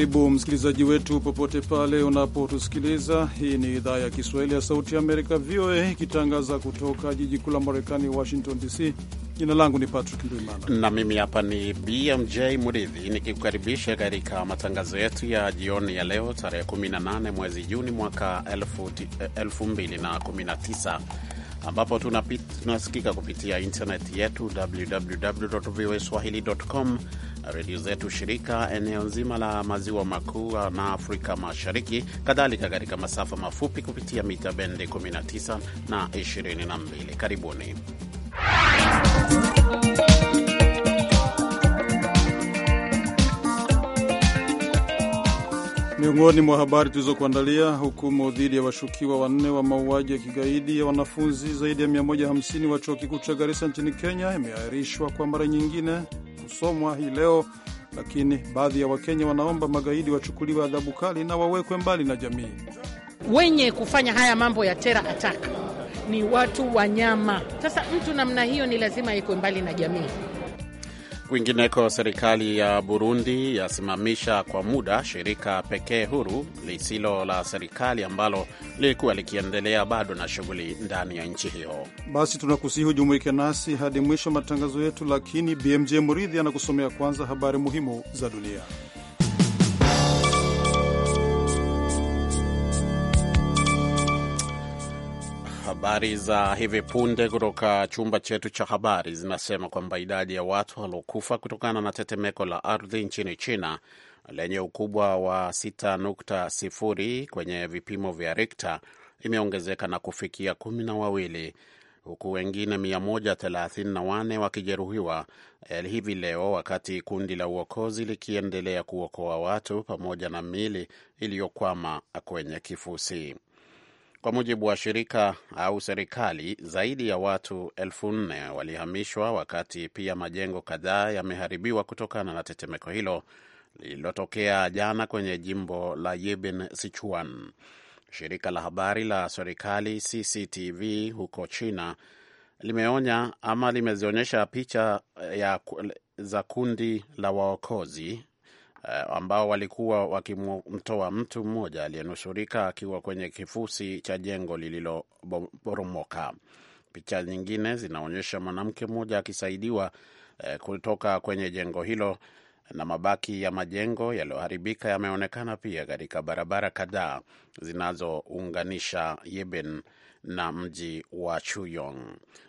Karibu msikilizaji wetu popote pale unapotusikiliza. Hii ni idhaa ya Kiswahili ya Sauti ya Amerika, VOA, ikitangaza kutoka jiji kuu la Marekani, Washington DC. Jina langu ni Patrick Ndwimana na mimi hapa ni BMJ Muridhi nikikukaribisha katika matangazo yetu ya jioni ya leo tarehe 18 mwezi Juni mwaka 2019 eh, ambapo tunasikika kupitia intaneti yetu www voa redio zetu shirika eneo nzima la maziwa makuu na Afrika Mashariki, kadhalika katika masafa mafupi kupitia mita bendi 19 na 22. Karibuni. Miongoni mwa habari tulizokuandalia: hukumu dhidi ya washukiwa wanne wa mauaji ya kigaidi ya wanafunzi zaidi ya 150 wa chuo kikuu cha Garissa nchini Kenya imeahirishwa kwa mara nyingine kusomwa hii leo, lakini baadhi ya Wakenya wanaomba magaidi wachukuliwe adhabu kali na wawekwe mbali na jamii. Wenye kufanya haya mambo ya tera ataka ni watu wanyama. Sasa mtu namna hiyo ni lazima ikwe mbali na jamii. Kwingineko, serikali ya Burundi yasimamisha kwa muda shirika pekee huru lisilo la serikali ambalo lilikuwa likiendelea bado na shughuli ndani ya nchi hiyo. Basi tunakusihi hujumuike nasi hadi mwisho matangazo yetu, lakini BMJ Muridhi anakusomea kwanza habari muhimu za dunia. Habari za hivi punde kutoka chumba chetu cha habari zinasema kwamba idadi ya watu waliokufa kutokana na tetemeko la ardhi nchini China lenye ukubwa wa 6.0 kwenye vipimo vya Richter imeongezeka na kufikia kumi na wawili huku wengine 134 wakijeruhiwa hivi leo, wakati kundi la uokozi likiendelea kuokoa watu pamoja na mili iliyokwama kwenye kifusi. Kwa mujibu wa shirika au serikali, zaidi ya watu elfu nne walihamishwa, wakati pia majengo kadhaa yameharibiwa kutokana na tetemeko hilo lililotokea jana kwenye jimbo la Yibin, Sichuan. Shirika la habari la serikali CCTV huko China limeonya ama limezionyesha picha ya, za kundi la waokozi Eh, ambao walikuwa wakimtoa mtu mmoja aliyenusurika akiwa kwenye kifusi cha jengo lililoporomoka. Picha nyingine zinaonyesha mwanamke mmoja akisaidiwa eh, kutoka kwenye jengo hilo na mabaki ya majengo yaliyoharibika yameonekana pia katika barabara kadhaa zinazounganisha Yeben na mji wa Chuyong.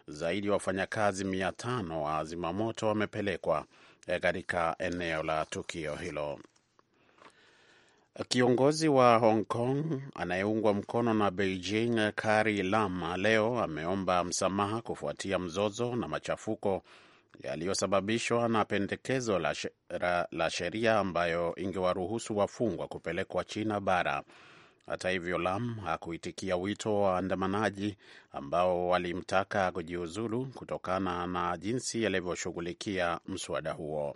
Zaidi ya wafanyakazi mia tano wa zimamoto wamepelekwa Eh, katika eneo la tukio hilo. Kiongozi wa Hong Kong anayeungwa mkono na Beijing, Carrie Lam, leo ameomba msamaha kufuatia mzozo na machafuko yaliyosababishwa na pendekezo la sheria ambayo ingewaruhusu wafungwa kupelekwa China bara hata hivyo, Lam hakuitikia wito wa waandamanaji ambao walimtaka kujiuzulu kutokana na jinsi yalivyoshughulikia mswada huo.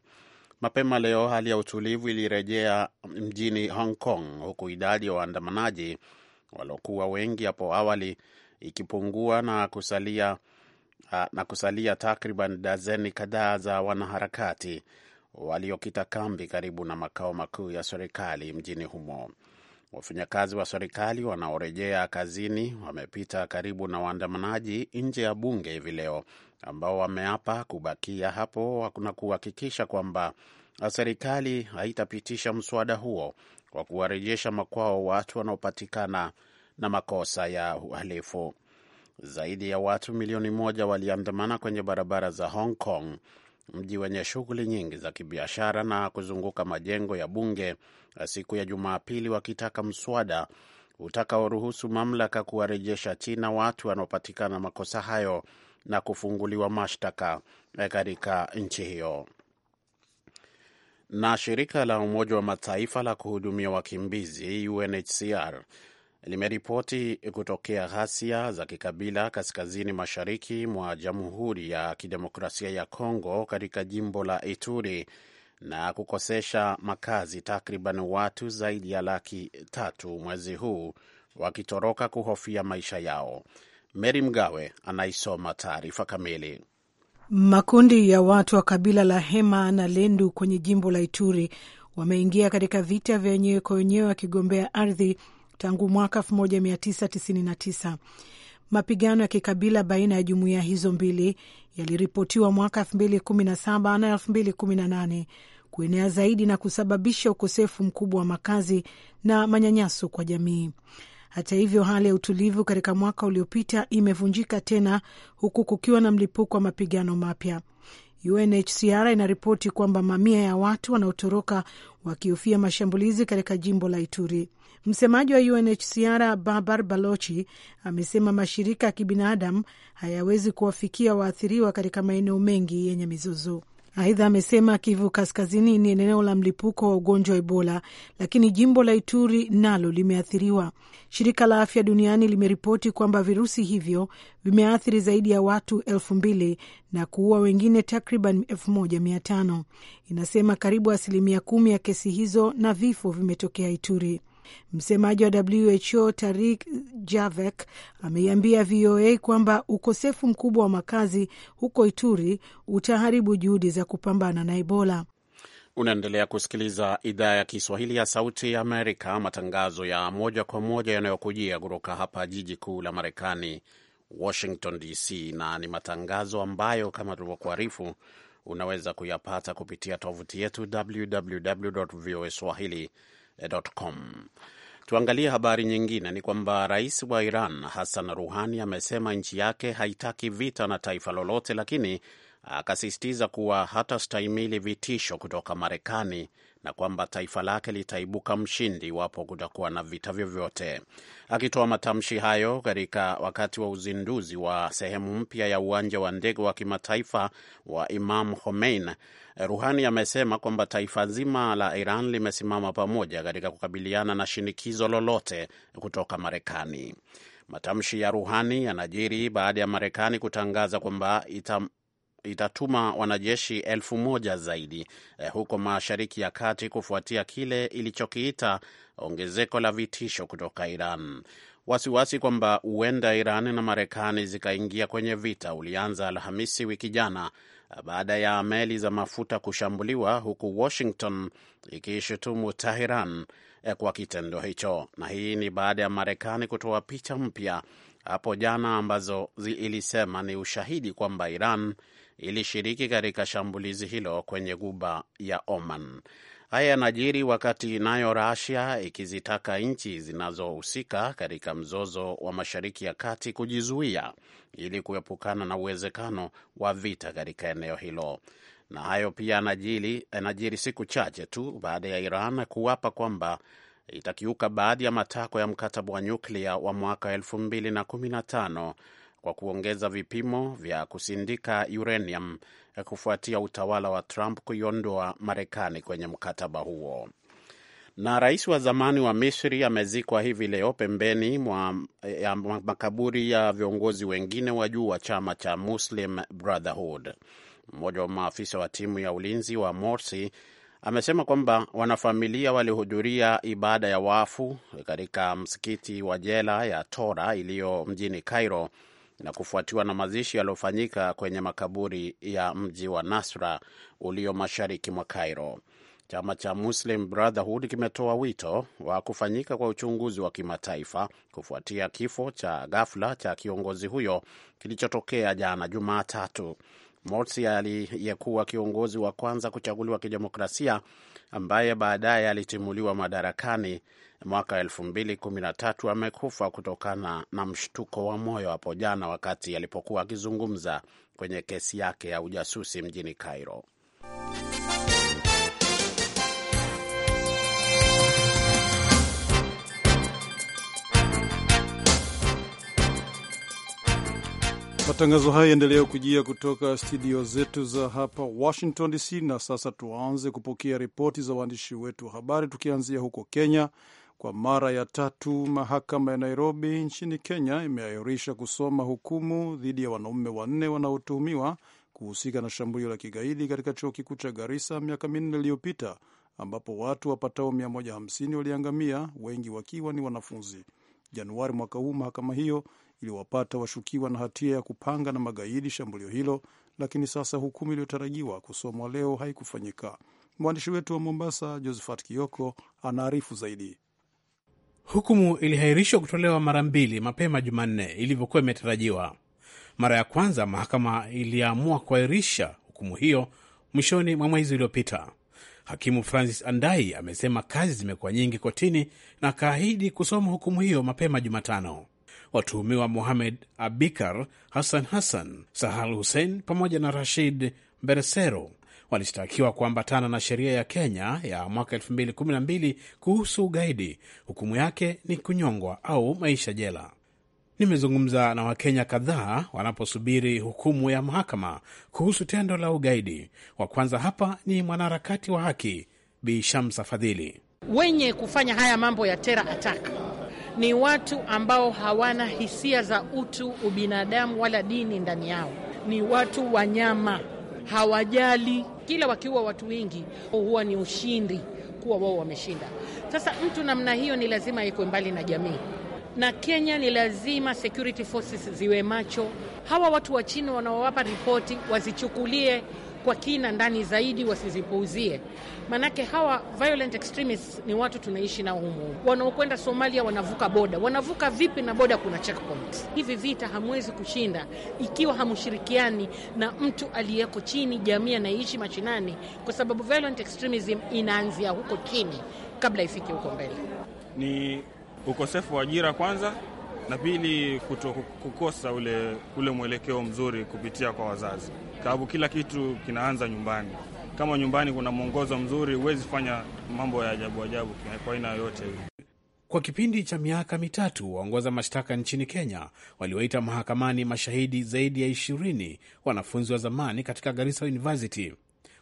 Mapema leo hali ya utulivu ilirejea mjini Hong Kong, huku idadi ya wa waandamanaji waliokuwa wengi hapo awali ikipungua na kusalia, ah, na kusalia takriban dazeni kadhaa za wanaharakati waliokita kambi karibu na makao makuu ya serikali mjini humo. Wafanyakazi wa serikali wanaorejea kazini wamepita karibu na waandamanaji nje ya bunge hivi leo ambao wameapa kubakia hapo na kuhakikisha kwamba serikali haitapitisha mswada huo wa kuwarejesha makwao watu wanaopatikana na makosa ya uhalifu. Zaidi ya watu milioni moja waliandamana kwenye barabara za Hong Kong mji wenye shughuli nyingi za kibiashara na kuzunguka majengo ya bunge siku ya Jumapili wakitaka mswada utakaoruhusu mamlaka kuwarejesha China watu wanaopatikana makosa hayo na kufunguliwa mashtaka eh, katika nchi hiyo. Na shirika la Umoja wa Mataifa la kuhudumia wakimbizi UNHCR limeripoti kutokea ghasia za kikabila kaskazini mashariki mwa Jamhuri ya Kidemokrasia ya Kongo katika jimbo la Ituri na kukosesha makazi takriban watu zaidi ya laki tatu mwezi huu wakitoroka kuhofia maisha yao. Meri Mgawe anaisoma taarifa kamili. Makundi ya watu wa kabila la Hema na Lendu kwenye jimbo la Ituri wameingia katika vita vya wenyewe kwa wenyewe wakigombea ardhi tangu mwaka 1999. Mapigano ya kikabila baina ya jumuiya hizo mbili yaliripotiwa mwaka 2017 na 2018 kuenea zaidi na kusababisha ukosefu mkubwa wa makazi na manyanyaso kwa jamii. Hata hivyo, hali ya utulivu katika mwaka uliopita imevunjika tena huku kukiwa na mlipuko wa mapigano mapya. UNHCR inaripoti kwamba mamia ya watu wanaotoroka wakihofia mashambulizi katika jimbo la Ituri. Msemaji wa UNHCR Babar Balochi amesema mashirika ya kibinadamu hayawezi kuwafikia waathiriwa katika maeneo mengi yenye mizozo. Aidha amesema Kivu Kaskazini ni eneo la mlipuko wa ugonjwa wa Ebola, lakini jimbo la Ituri nalo limeathiriwa. Shirika la Afya Duniani limeripoti kwamba virusi hivyo vimeathiri zaidi ya watu elfu mbili na kuua wengine takriban elfu moja mia tano. Inasema karibu asilimia kumi ya kesi hizo na vifo vimetokea Ituri. Msemaji wa WHO Tarik Javek ameiambia VOA kwamba ukosefu mkubwa wa makazi huko Ituri utaharibu juhudi za kupambana na Ebola. Unaendelea kusikiliza idhaa ya Kiswahili ya Sauti ya Amerika, matangazo ya moja kwa moja yanayokujia kutoka hapa jiji kuu la Marekani, Washington DC, na ni matangazo ambayo kama tulivyokuarifu unaweza kuyapata kupitia tovuti yetu www voa swahili com. Tuangalie habari nyingine. Ni kwamba rais wa Iran Hassan Ruhani amesema nchi yake haitaki vita na taifa lolote, lakini akasisitiza kuwa hata stahimili vitisho kutoka Marekani na kwamba taifa lake litaibuka mshindi iwapo kutakuwa na vita vyovyote. Akitoa matamshi hayo katika wakati wa uzinduzi wa sehemu mpya ya uwanja wa ndege wa kimataifa wa Imam homein Ruhani amesema kwamba taifa zima la Iran limesimama pamoja katika kukabiliana na shinikizo lolote kutoka Marekani. Matamshi ya Ruhani yanajiri baada ya Marekani kutangaza kwamba itatuma wanajeshi elfu moja zaidi eh, huko Mashariki ya Kati kufuatia kile ilichokiita ongezeko la vitisho kutoka Iran. Wasiwasi kwamba huenda Iran na Marekani zikaingia kwenye vita ulianza Alhamisi wiki jana eh, baada ya meli za mafuta kushambuliwa, huku Washington ikiishutumu Teheran eh, kwa kitendo hicho, na hii ni baada ya Marekani kutoa picha mpya hapo jana ambazo ilisema ni ushahidi kwamba Iran ilishiriki katika shambulizi hilo kwenye guba ya Oman. Haya yanajiri wakati nayo Russia ikizitaka nchi zinazohusika katika mzozo wa Mashariki ya Kati kujizuia ili kuepukana na uwezekano wa vita katika eneo hilo. Na hayo pia anajiri siku chache tu baada ya Iran kuapa kwamba itakiuka baadhi ya matakwa ya mkataba wa nyuklia wa mwaka elfu mbili na kumi na tano kwa kuongeza vipimo vya kusindika uranium eh, kufuatia utawala wa Trump kuiondoa Marekani kwenye mkataba huo. Na rais wa zamani wa Misri amezikwa hivi leo pembeni mwa eh, ya makaburi ya viongozi wengine wa juu wa chama cha Muslim Brotherhood. Mmoja wa maafisa wa timu ya ulinzi wa Morsi amesema kwamba wanafamilia walihudhuria ibada ya wafu katika msikiti wa jela ya Tora iliyo mjini Cairo na kufuatiwa na mazishi yaliyofanyika kwenye makaburi ya mji wa Nasra ulio mashariki mwa Cairo. Chama cha Muslim Brotherhood kimetoa wito wa kufanyika kwa uchunguzi wa kimataifa kufuatia kifo cha ghafla cha kiongozi huyo kilichotokea jana Jumatatu. Morsi aliyekuwa kiongozi wa kwanza kuchaguliwa kidemokrasia ambaye baadaye alitimuliwa madarakani mwaka 2013 amekufa kutokana na mshtuko wa moyo hapo jana wakati alipokuwa akizungumza kwenye kesi yake ya ujasusi mjini Cairo. Matangazo haya yaendelea kujia kutoka studio zetu za hapa Washington DC. Na sasa tuanze kupokea ripoti za waandishi wetu wa habari, tukianzia huko Kenya kwa mara ya tatu mahakama ya Nairobi nchini Kenya imeahirisha kusoma hukumu dhidi ya wanaume wanne wanaotuhumiwa kuhusika na shambulio la kigaidi katika chuo kikuu cha Garissa miaka minne iliyopita ambapo watu wapatao 150 waliangamia, wengi wakiwa ni wanafunzi. Januari mwaka huu mahakama hiyo iliwapata washukiwa na hatia ya kupanga na magaidi shambulio hilo, lakini sasa hukumu iliyotarajiwa kusomwa leo haikufanyika. Mwandishi wetu wa Mombasa, Josephat Kioko, anaarifu zaidi. Hukumu ilihairishwa kutolewa mara mbili mapema Jumanne ilivyokuwa imetarajiwa. Mara ya kwanza mahakama iliamua kuahirisha hukumu hiyo mwishoni mwa mwezi uliopita. Hakimu Francis Andai amesema kazi zimekuwa nyingi kotini na akaahidi kusoma hukumu hiyo mapema Jumatano. Watuhumiwa Mohamed Abikar, Hassan Hassan, Sahal Hussein pamoja na Rashid Beresero walishtakiwa kuambatana na sheria ya Kenya ya mwaka 2012 kuhusu ugaidi. Hukumu yake ni kunyongwa au maisha jela. Nimezungumza na Wakenya kadhaa wanaposubiri hukumu ya mahakama kuhusu tendo la ugaidi. Wa kwanza hapa ni mwanaharakati wa haki Bi Shamsa Fadhili. Wenye kufanya haya mambo ya tera ataka ni watu ambao hawana hisia za utu, ubinadamu wala dini ndani yao, ni watu wanyama hawajali. Kila wakiua watu wengi huwa ni ushindi kuwa wao wameshinda. Sasa mtu namna hiyo ni lazima ikwe mbali na jamii, na Kenya ni lazima security forces ziwe macho. Hawa watu wa chini wanaowapa ripoti wazichukulie kwa kina ndani zaidi, wasizipuuzie, maanake hawa violent extremists ni watu tunaishi nao humu. Wanaokwenda Somalia wanavuka boda, wanavuka vipi? Na boda kuna checkpoint. Hivi vita hamwezi kushinda ikiwa hamshirikiani na mtu aliyeko chini, jamii anaishi mashinani, kwa sababu violent extremism inaanzia huko chini kabla ifike huko mbele. Ni ukosefu wa ajira kwanza, na pili kuto kukosa ule, ule mwelekeo mzuri kupitia kwa wazazi sababu kila kitu kinaanza nyumbani. Kama nyumbani kuna mwongozo mzuri, huwezi fanya mambo ya ajabu ajabu kwa aina yoyote. Kwa kipindi cha miaka mitatu, waongoza mashtaka nchini Kenya waliwaita mahakamani mashahidi zaidi ya ishirini, wanafunzi wa zamani katika Garissa University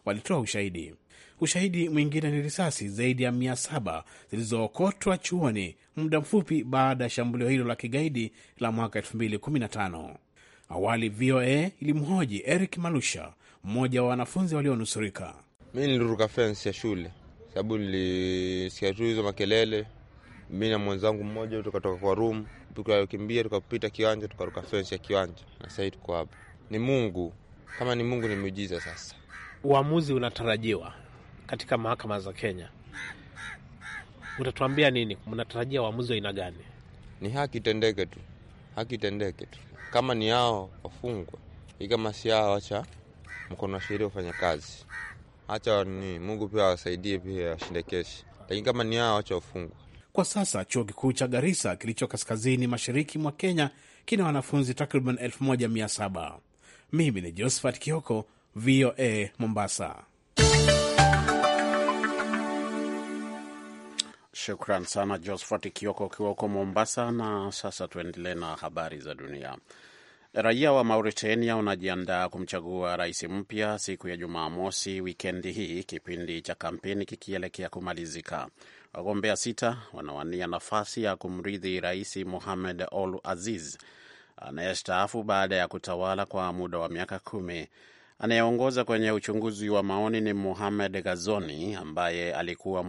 walitoa ushahidi. Ushahidi mwingine ni risasi zaidi ya mia saba zilizookotwa chuoni muda mfupi baada ya shambulio hilo la kigaidi la mwaka tano. Awali VOA ilimhoji Eric Malusha, mmoja wa wanafunzi walionusurika. Mi niliruka fensi ya shule sababu nilisikia tu hizo makelele. Mi na mwenzangu mmoja tukatoka kwa room, tukakimbia, tukapita kiwanja, tukaruka fensi ya kiwanja, na sahii tuko hapa. Ni Mungu, kama ni Mungu ni miujiza. Sasa uamuzi unatarajiwa katika mahakama za Kenya, utatuambia nini? Mnatarajia uamuzi wa aina gani? Ni haki itendeke tu, haki itendeke tu. Kama ni hao wafungwa, hii kama si hao, acha mkono wa sheria ufanya kazi. Acha ni Mungu pia awasaidie, pia washinde kesi, lakini kama ni hao, acha wafungwa. Kwa sasa chuo kikuu cha Garissa kilicho kaskazini mashariki mwa Kenya kina wanafunzi takriban 1700. Mimi ni Josephat Kioko, VOA Mombasa. Shukran sana Josphat Kioko ukiwa huko Mombasa. Na sasa tuendelee na habari za dunia. Raia wa Mauritania wanajiandaa kumchagua rais mpya siku ya Jumamosi wikendi hii, kipindi cha kampeni kikielekea kumalizika. Wagombea sita wanawania nafasi ya kumrithi Rais Mohamed Ol Aziz anayestaafu baada ya kutawala kwa muda wa miaka kumi. Anayeongoza kwenye uchunguzi wa maoni ni Mohamed Gazoni ambaye alikuwa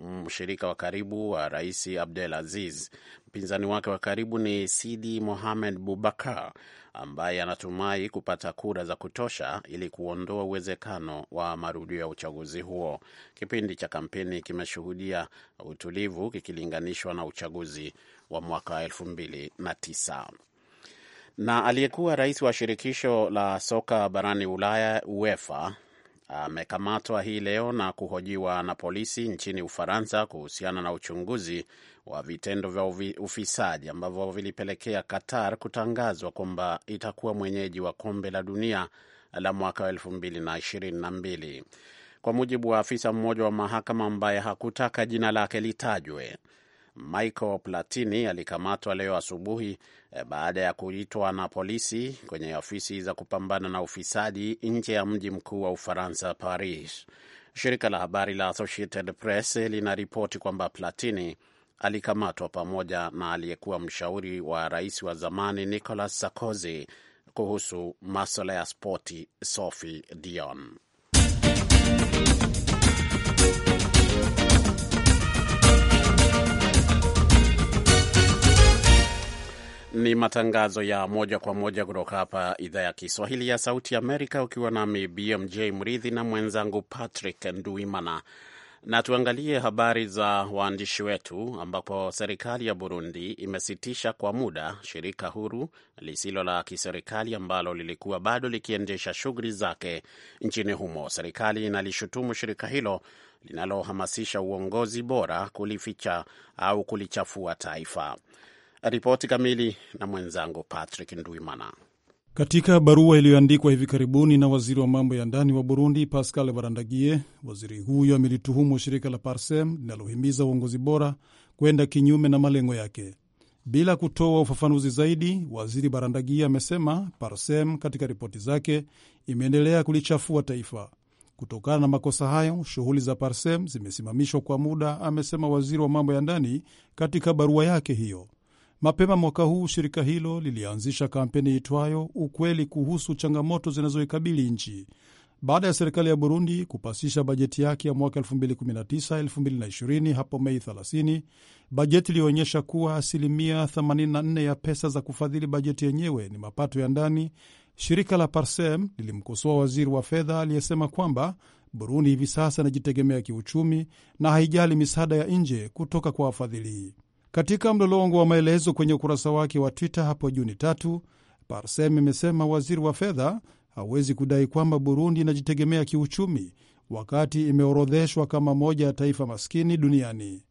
Mm, mshirika wa karibu wa rais Abdel Aziz. Mpinzani wake wa karibu ni Sidi Mohamed Bubakar ambaye anatumai kupata kura za kutosha ili kuondoa uwezekano wa marudio ya uchaguzi huo. Kipindi cha kampeni kimeshuhudia utulivu kikilinganishwa na uchaguzi wa mwaka wa elfu mbili na tisa na aliyekuwa rais wa shirikisho la soka barani Ulaya UEFA amekamatwa hii leo na kuhojiwa na polisi nchini Ufaransa kuhusiana na uchunguzi wa vitendo vya ufisadi ambavyo vilipelekea Qatar kutangazwa kwamba itakuwa mwenyeji wa kombe la dunia la mwaka wa elfu mbili na ishirini na mbili. Kwa mujibu wa afisa mmoja wa mahakama ambaye hakutaka jina lake litajwe, Michael Platini alikamatwa leo asubuhi eh, baada ya kuitwa na polisi kwenye ofisi za kupambana na ufisadi nje ya mji mkuu wa Ufaransa, Paris. Shirika la habari la Associated Press linaripoti kwamba Platini alikamatwa pamoja na aliyekuwa mshauri wa rais wa zamani Nicolas Sarkozy kuhusu maswala ya spoti Sophie Dion. Ni matangazo ya moja kwa moja kutoka hapa idhaa ya Kiswahili ya Sauti Amerika, ukiwa nami BMJ Mridhi na mwenzangu Patrick Nduimana. Na tuangalie habari za waandishi wetu, ambapo serikali ya Burundi imesitisha kwa muda shirika huru lisilo la kiserikali ambalo lilikuwa bado likiendesha shughuli zake nchini humo. Serikali inalishutumu shirika hilo linalohamasisha uongozi bora kulificha au kulichafua taifa. Ripoti kamili na mwenzangu Patrick Ndwimana. Katika barua iliyoandikwa hivi karibuni na waziri wa mambo ya ndani wa Burundi, Pascal Barandagie, waziri huyo amelituhumu shirika la Parsem linalohimiza uongozi bora kwenda kinyume na malengo yake. Bila kutoa ufafanuzi zaidi, waziri Barandagie amesema Parsem katika ripoti zake imeendelea kulichafua taifa. Kutokana na makosa hayo, shughuli za Parsem zimesimamishwa kwa muda, amesema waziri wa mambo ya ndani katika barua yake hiyo. Mapema mwaka huu shirika hilo lilianzisha kampeni itwayo ukweli kuhusu changamoto zinazoikabili nchi baada ya serikali ya Burundi kupasisha bajeti yake ya mwaka 2019/2020 hapo Mei 30, bajeti iliyoonyesha kuwa asilimia 84 ya pesa za kufadhili bajeti yenyewe ni mapato ya ndani. Shirika la Parsem lilimkosoa waziri wa fedha aliyesema kwamba Burundi hivi sasa inajitegemea kiuchumi na haijali misaada ya nje kutoka kwa wafadhili. Katika mlolongo wa maelezo kwenye ukurasa wake wa Twitter hapo Juni tatu, Parsem imesema waziri wa fedha hawezi kudai kwamba Burundi inajitegemea kiuchumi wakati imeorodheshwa kama moja ya taifa maskini duniani.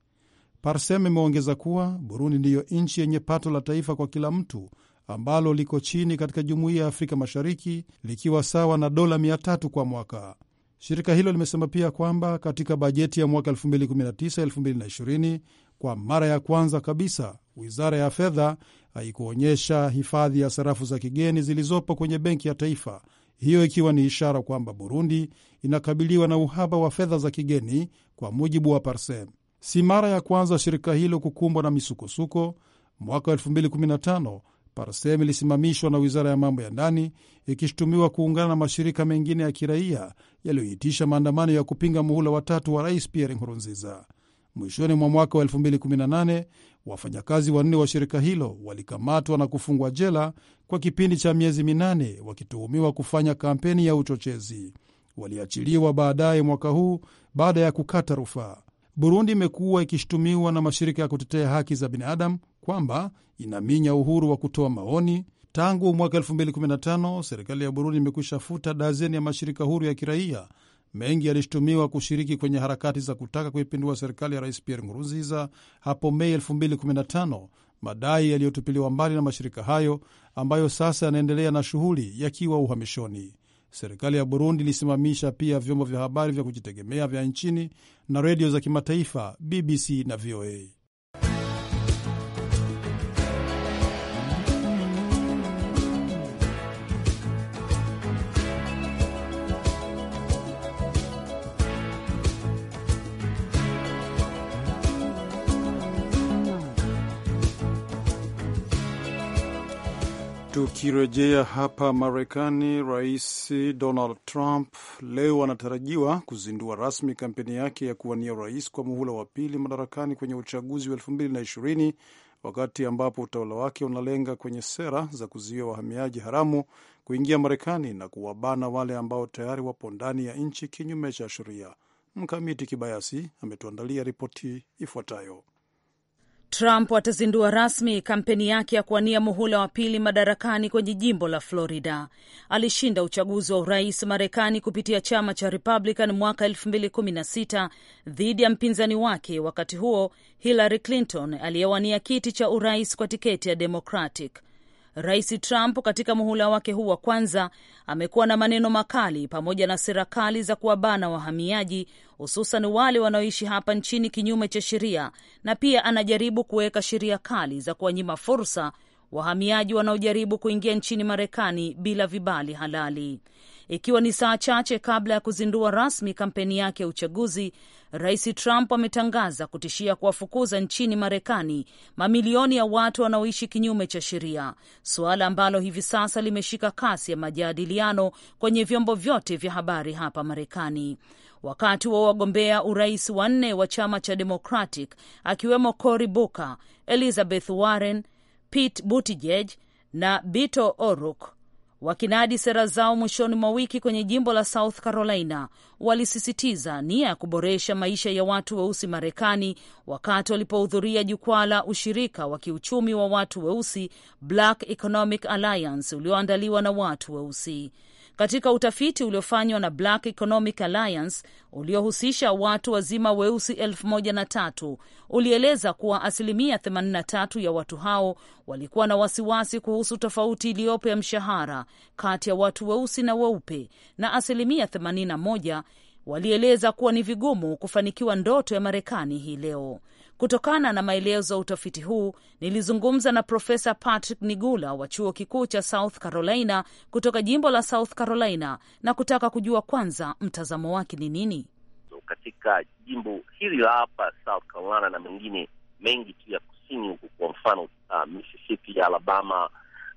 Parsem imeongeza kuwa Burundi ndiyo nchi yenye pato la taifa kwa kila mtu ambalo liko chini katika jumuiya ya Afrika Mashariki, likiwa sawa na dola 300 kwa mwaka. Shirika hilo limesema pia kwamba katika bajeti ya mwaka 2019-2020 kwa mara ya kwanza kabisa, wizara ya fedha haikuonyesha hifadhi ya sarafu za kigeni zilizopo kwenye benki ya taifa, hiyo ikiwa ni ishara kwamba Burundi inakabiliwa na uhaba wa fedha za kigeni, kwa mujibu wa Parsem. Si mara ya kwanza shirika hilo kukumbwa na misukosuko. Mwaka 2015 Parsem ilisimamishwa na wizara ya mambo ya ndani ikishutumiwa kuungana na mashirika mengine ya kiraia yaliyoitisha maandamano ya kupinga muhula watatu wa rais Pierre Nkurunziza. Mwishoni mwa mwaka wa 2018 wafanyakazi wanne wa shirika hilo walikamatwa na kufungwa jela kwa kipindi cha miezi minane wakituhumiwa kufanya kampeni ya uchochezi. Waliachiliwa baadaye mwaka huu baada ya kukata rufaa. Burundi imekuwa ikishutumiwa na mashirika ya kutetea haki za binadamu kwamba inaminya uhuru wa kutoa maoni. Tangu mwaka 2015 serikali ya Burundi imekwisha futa dazeni ya mashirika huru ya kiraia Mengi alishutumiwa kushiriki kwenye harakati za kutaka kuipindua serikali ya Rais Pierre Nkurunziza hapo Mei 2015, madai yaliyotupiliwa mbali na mashirika hayo ambayo sasa yanaendelea na shughuli yakiwa uhamishoni. Serikali ya Burundi ilisimamisha pia vyombo vya habari vya kujitegemea vya nchini na redio za kimataifa BBC na VOA. Tukirejea hapa Marekani, Rais Donald Trump leo anatarajiwa kuzindua rasmi kampeni yake ya kuwania urais kwa muhula wa pili madarakani kwenye uchaguzi wa 2020 wakati ambapo utawala wake unalenga kwenye sera za kuzuia wahamiaji haramu kuingia Marekani na kuwabana wale ambao tayari wapo ndani ya nchi kinyume cha sheria. Mkamiti Kibayasi ametuandalia ripoti ifuatayo. Trump atazindua rasmi kampeni yake ya kuwania muhula wa pili madarakani kwenye jimbo la Florida. Alishinda uchaguzi wa urais Marekani kupitia chama cha Republican mwaka 2016 dhidi ya mpinzani wake wakati huo Hillary Clinton aliyewania kiti cha urais kwa tiketi ya Democratic. Rais Trump katika muhula wake huu wa kwanza amekuwa na maneno makali pamoja na serikali za kuwabana wahamiaji, hususan wale wanaoishi hapa nchini kinyume cha sheria, na pia anajaribu kuweka sheria kali za kuwanyima fursa wahamiaji wanaojaribu kuingia nchini Marekani bila vibali halali. Ikiwa ni saa chache kabla ya kuzindua rasmi kampeni yake ya uchaguzi, Rais Trump ametangaza kutishia kuwafukuza nchini Marekani mamilioni ya watu wanaoishi kinyume cha sheria, suala ambalo hivi sasa limeshika kasi ya majadiliano kwenye vyombo vyote vya habari hapa Marekani. Wakati wa wagombea urais wanne wa chama cha Democratic akiwemo Cory Booker, Elizabeth Warren, Pete Buttigieg na Beto O'Rourke wakinadi sera zao mwishoni mwa wiki kwenye jimbo la South Carolina walisisitiza nia ya kuboresha maisha ya watu weusi Marekani wakati walipohudhuria jukwaa la ushirika wa kiuchumi wa watu weusi Black Economic Alliance ulioandaliwa na watu weusi. Katika utafiti uliofanywa na Black Economic Alliance uliohusisha watu wazima weusi elfu moja na tatu ulieleza kuwa asilimia 83 ya watu hao walikuwa na wasiwasi kuhusu tofauti iliyopo ya mshahara kati ya watu weusi na weupe, na asilimia 81 walieleza kuwa ni vigumu kufanikiwa ndoto ya Marekani hii leo. Kutokana na maelezo ya utafiti huu, nilizungumza na Profesa Patrick Nigula wa chuo kikuu cha South Carolina kutoka jimbo la South Carolina na kutaka kujua kwanza mtazamo wake ni nini katika jimbo hili la hapa South Carolina na mengine mengi tu ya kusini huku, kwa mfano uh, Mississippi, Alabama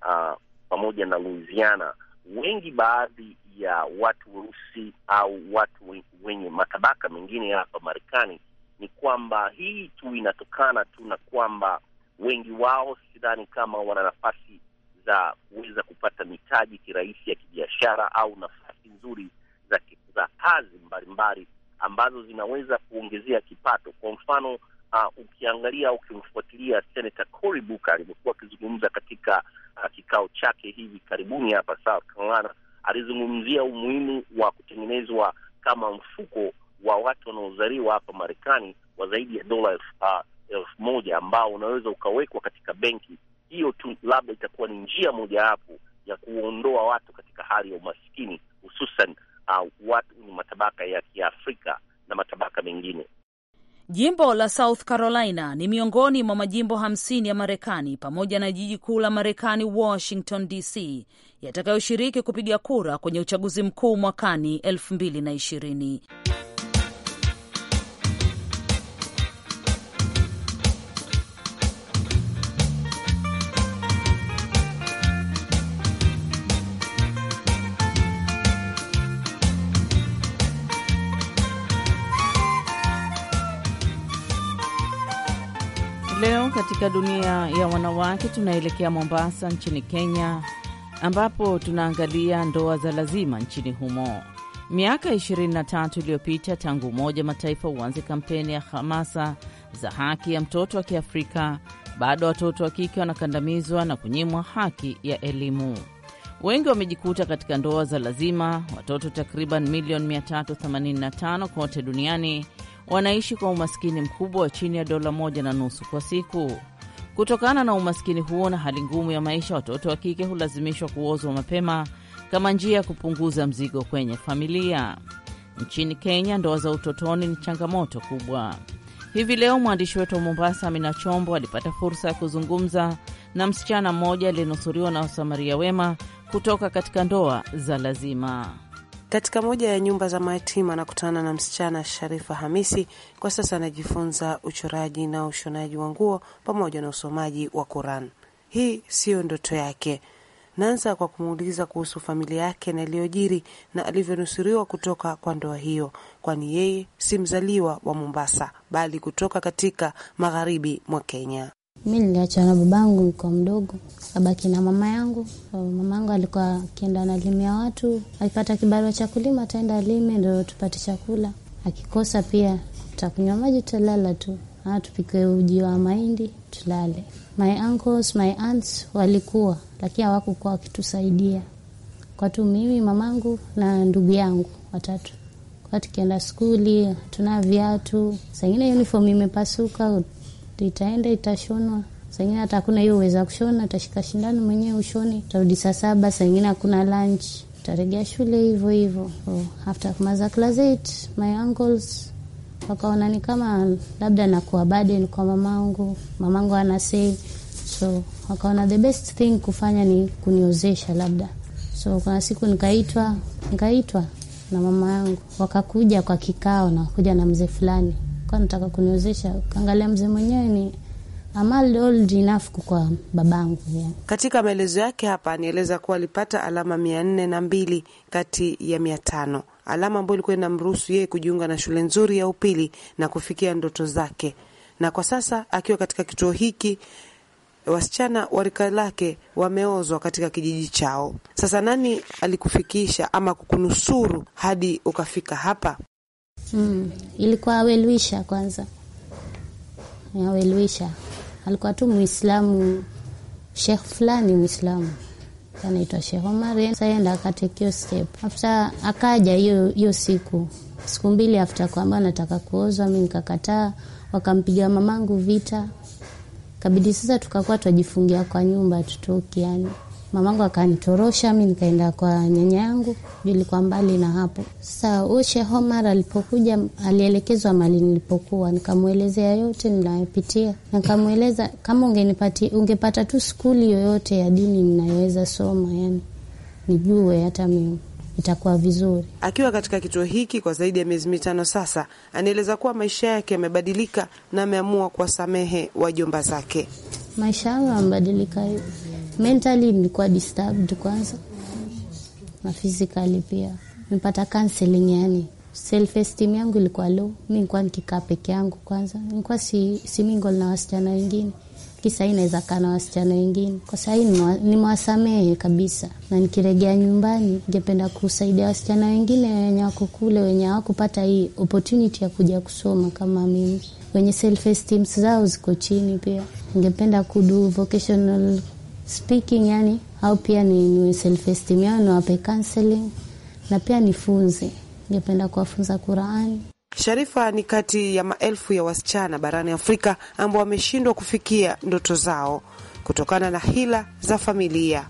uh, pamoja na Louisiana, wengi baadhi ya watu weusi au watu wenye matabaka mengine hapa Marekani ni kwamba hii tu inatokana tu na kwamba wengi wao sidhani kama wana nafasi za kuweza kupata mitaji kirahisi ya kibiashara au nafasi nzuri za, za kazi mbalimbali ambazo zinaweza kuongezea kipato. Kwa mfano uh, ukiangalia au ukimfuatilia Senata Cory alivyokuwa akizungumza katika uh, kikao chake hivi karibuni hapa South Carolina, alizungumzia umuhimu wa kutengenezwa kama mfuko wa watu wanaozaliwa hapa Marekani wa zaidi ya dola elfu uh, moja ambao unaweza ukawekwa katika benki hiyo tu, labda itakuwa ni njia mojawapo ya kuondoa watu katika hali ya umaskini, hususan uh, watu ni matabaka ya Kiafrika na matabaka mengine. Jimbo la South Carolina ni miongoni mwa majimbo hamsini ya Marekani pamoja na jiji kuu la Marekani, Washington DC, yatakayoshiriki kupiga kura kwenye uchaguzi mkuu mwakani elfu20 na ishirini. katika dunia ya wanawake, tunaelekea Mombasa nchini Kenya, ambapo tunaangalia ndoa za lazima nchini humo. Miaka 23 iliyopita tangu Umoja Mataifa uanze kampeni ya hamasa za haki ya mtoto wa Kiafrika, bado watoto wa kike wanakandamizwa na kunyimwa haki ya elimu. Wengi wamejikuta katika ndoa za lazima, watoto takriban milioni 385 kote duniani wanaishi kwa umaskini mkubwa wa chini ya dola moja na nusu kwa siku. Kutokana na umaskini huo na hali ngumu ya maisha, watoto wa kike hulazimishwa kuozwa mapema kama njia ya kupunguza mzigo kwenye familia. Nchini Kenya, ndoa za utotoni ni changamoto kubwa. Hivi leo mwandishi wetu wa Mombasa, Amina Chombo, alipata fursa ya kuzungumza na msichana mmoja aliyenusuriwa na wasamaria wema kutoka katika ndoa za lazima. Katika moja ya nyumba za mayatima anakutana na msichana Sharifa Hamisi. Kwa sasa anajifunza uchoraji na ushonaji wa nguo pamoja na usomaji wa Quran. Hii siyo ndoto yake. Naanza kwa kumuuliza kuhusu familia yake na iliyojiri na alivyonusuriwa kutoka kwa ndoa hiyo, kwani yeye si mzaliwa wa Mombasa bali kutoka katika magharibi mwa Kenya. Mi niliachwa na babangu nikiwa mdogo, abaki na mama yangu. Mama yangu alikuwa akienda analimia watu, akipata kibarua cha kulima ataenda alime ndo tupate chakula, akikosa pia tutakunywa maji, tutalala tu, aa, ah, tupike uji wa mahindi tulale. My uncles, my aunts walikuwa, lakini hawakukuwa wakitusaidia kwa tu mimi, mamangu na ndugu yangu watatu. Kwa tukienda skuli tuna viatu, saa ingine uniform imepasuka itaenda itashonwa saingine hata hakuna hiyo uweza kushona, tashika shindano mwenyewe ushone, tarudi saa saba, saingine akuna hakuna lunch, shule hivyo hivyo. Oh, after kumaza class eight, my uncles wakaona ni kama labda nakuwa burden kwa mamangu, mamangu ana say, so wakaona the best thing kufanya ni kuniozesha labda. So kuna siku nikaitwa, nikaitwa na mama yangu, wakakuja kwa kikao na wakuja na mzee fulani alikuwa anataka kuniozesha, kaangalia mzee mwenyewe ni amali old enough kwa babangu yeah. Katika maelezo yake hapa anieleza kuwa alipata alama mia nne na mbili kati ya mia tano alama ambayo ilikuwa inamruhusu yeye kujiunga na shule nzuri ya upili na kufikia ndoto zake. Na kwa sasa akiwa katika kituo hiki, wasichana wa rika lake wameozwa katika kijiji chao. Sasa nani alikufikisha ama kukunusuru hadi ukafika hapa? mm. Ilikuwa Awelwisha kwanza, Awelwisha alikuwa tu Muislamu, shekh fulani Muislamu anaitwa Sheikh Omar. Saenda akatekio step after, akaja hiyo hiyo siku siku mbili after kwamba nataka kuozwa, mi nikakataa, wakampiga mamangu vita, kabidi sasa tukakuwa twajifungia kwa nyumba tutoki yani Mamangu akanitorosha mi nikaenda kwa nyanya yangu julikuwa mbali na hapo. Sasa Ushe Homar alipokuja alielekezwa mali nilipokuwa, nikamwelezea yote ninayopitia, nikamweleza kama ungenipati, ungepata tu skuli yoyote ya dini ninayoweza soma, yani nijue hata mimi itakuwa vizuri. Akiwa katika kituo hiki kwa zaidi ya miezi mitano sasa, anaeleza kuwa maisha yake yamebadilika na ameamua kuwasamehe wajomba zake. Maisha yangu yamebadilika mentally nilikuwa disturbed kwanza na physically pia nimepata counseling, yani self esteem yangu ilikuwa low. Mi nikuwa nikikaa peke yangu kwanza, nikuwa si, si mingle na wasichana wengine kisahii naweza kaa na wasichana wengine kwa sahii nimewasamehe kabisa, na nikiregea nyumbani ningependa kusaidia wasichana wengine wenye wako kule, wenye hawakupata hii opportunity ya kuja kusoma kama mimi, wenye self esteem zao ziko chini. Pia ningependa kudu vocational speaking, yani au pia ni, self esteem yao, wape counseling na pia nifunze, ningependa kuwafunza Qurani. Sharifa ni kati ya maelfu ya wasichana barani Afrika ambao wameshindwa kufikia ndoto zao kutokana na hila za familia.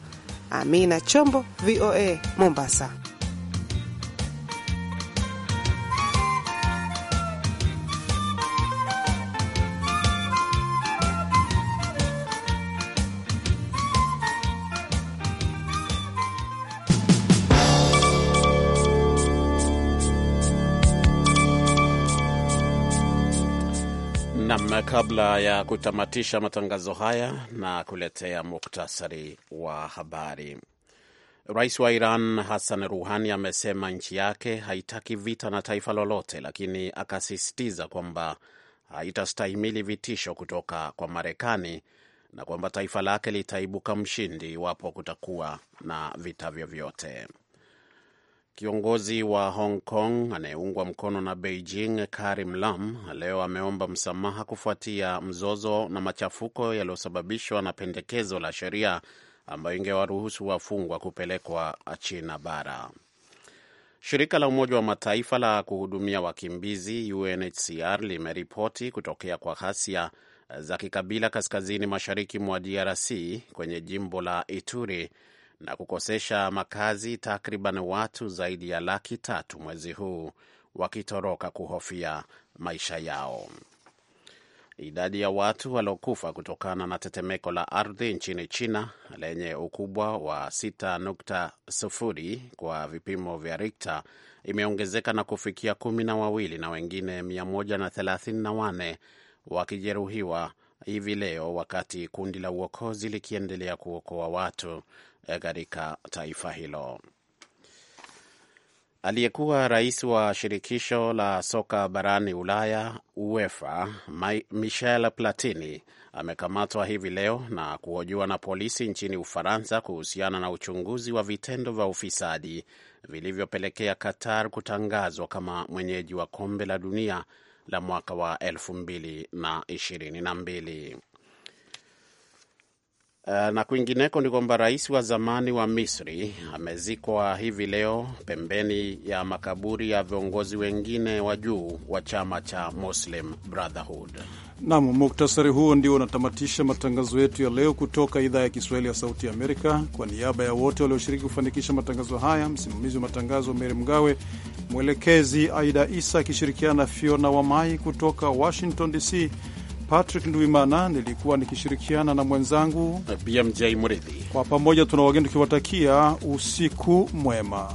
Amina Chombo, VOA, Mombasa. Nam, kabla ya kutamatisha matangazo haya na kuletea muktasari wa habari. Rais wa Iran Hassan Ruhani amesema nchi yake haitaki vita na taifa lolote, lakini akasisitiza kwamba haitastahimili vitisho kutoka kwa Marekani na kwamba taifa lake litaibuka mshindi iwapo kutakuwa na vita vyovyote. Kiongozi wa Hong Kong anayeungwa mkono na Beijing, Carrie Lam, leo ameomba msamaha kufuatia mzozo na machafuko yaliyosababishwa na pendekezo la sheria ambayo ingewaruhusu wafungwa kupelekwa China bara. Shirika la Umoja wa Mataifa la kuhudumia wakimbizi UNHCR limeripoti kutokea kwa ghasia za kikabila kaskazini mashariki mwa DRC kwenye jimbo la Ituri na kukosesha makazi takriban watu zaidi ya laki tatu mwezi huu wakitoroka kuhofia maisha yao. Idadi ya watu waliokufa kutokana na tetemeko la ardhi nchini China lenye ukubwa wa 6.0 kwa vipimo vya Richter imeongezeka na kufikia kumi na wawili na wengine 134 wakijeruhiwa hivi leo, wakati kundi la uokozi likiendelea kuokoa watu Eh, katika taifa hilo. Aliyekuwa rais wa shirikisho la soka barani Ulaya, UEFA, Michel Platini amekamatwa hivi leo na kuhojiwa na polisi nchini Ufaransa kuhusiana na uchunguzi wa vitendo vya ufisadi vilivyopelekea Qatar kutangazwa kama mwenyeji wa kombe la dunia la mwaka wa mbili Eh, na kwingineko ni kwamba rais wa zamani wa Misri amezikwa hivi leo pembeni ya makaburi ya viongozi wengine wa juu wa chama cha Muslim Brotherhood. Nam, muktasari huo ndio unatamatisha matangazo yetu ya leo kutoka idhaa ya Kiswahili ya Sauti Amerika. Kwa niaba ya wote walioshiriki kufanikisha matangazo haya, msimamizi wa matangazo Meri Mgawe, mwelekezi Aida Isa akishirikiana na Fiona Wamai kutoka Washington DC. Patrick Ndwimana, nilikuwa nikishirikiana na mwenzangu BMJ Mridhi. Kwa pamoja tuna wageni tukiwatakia usiku mwema.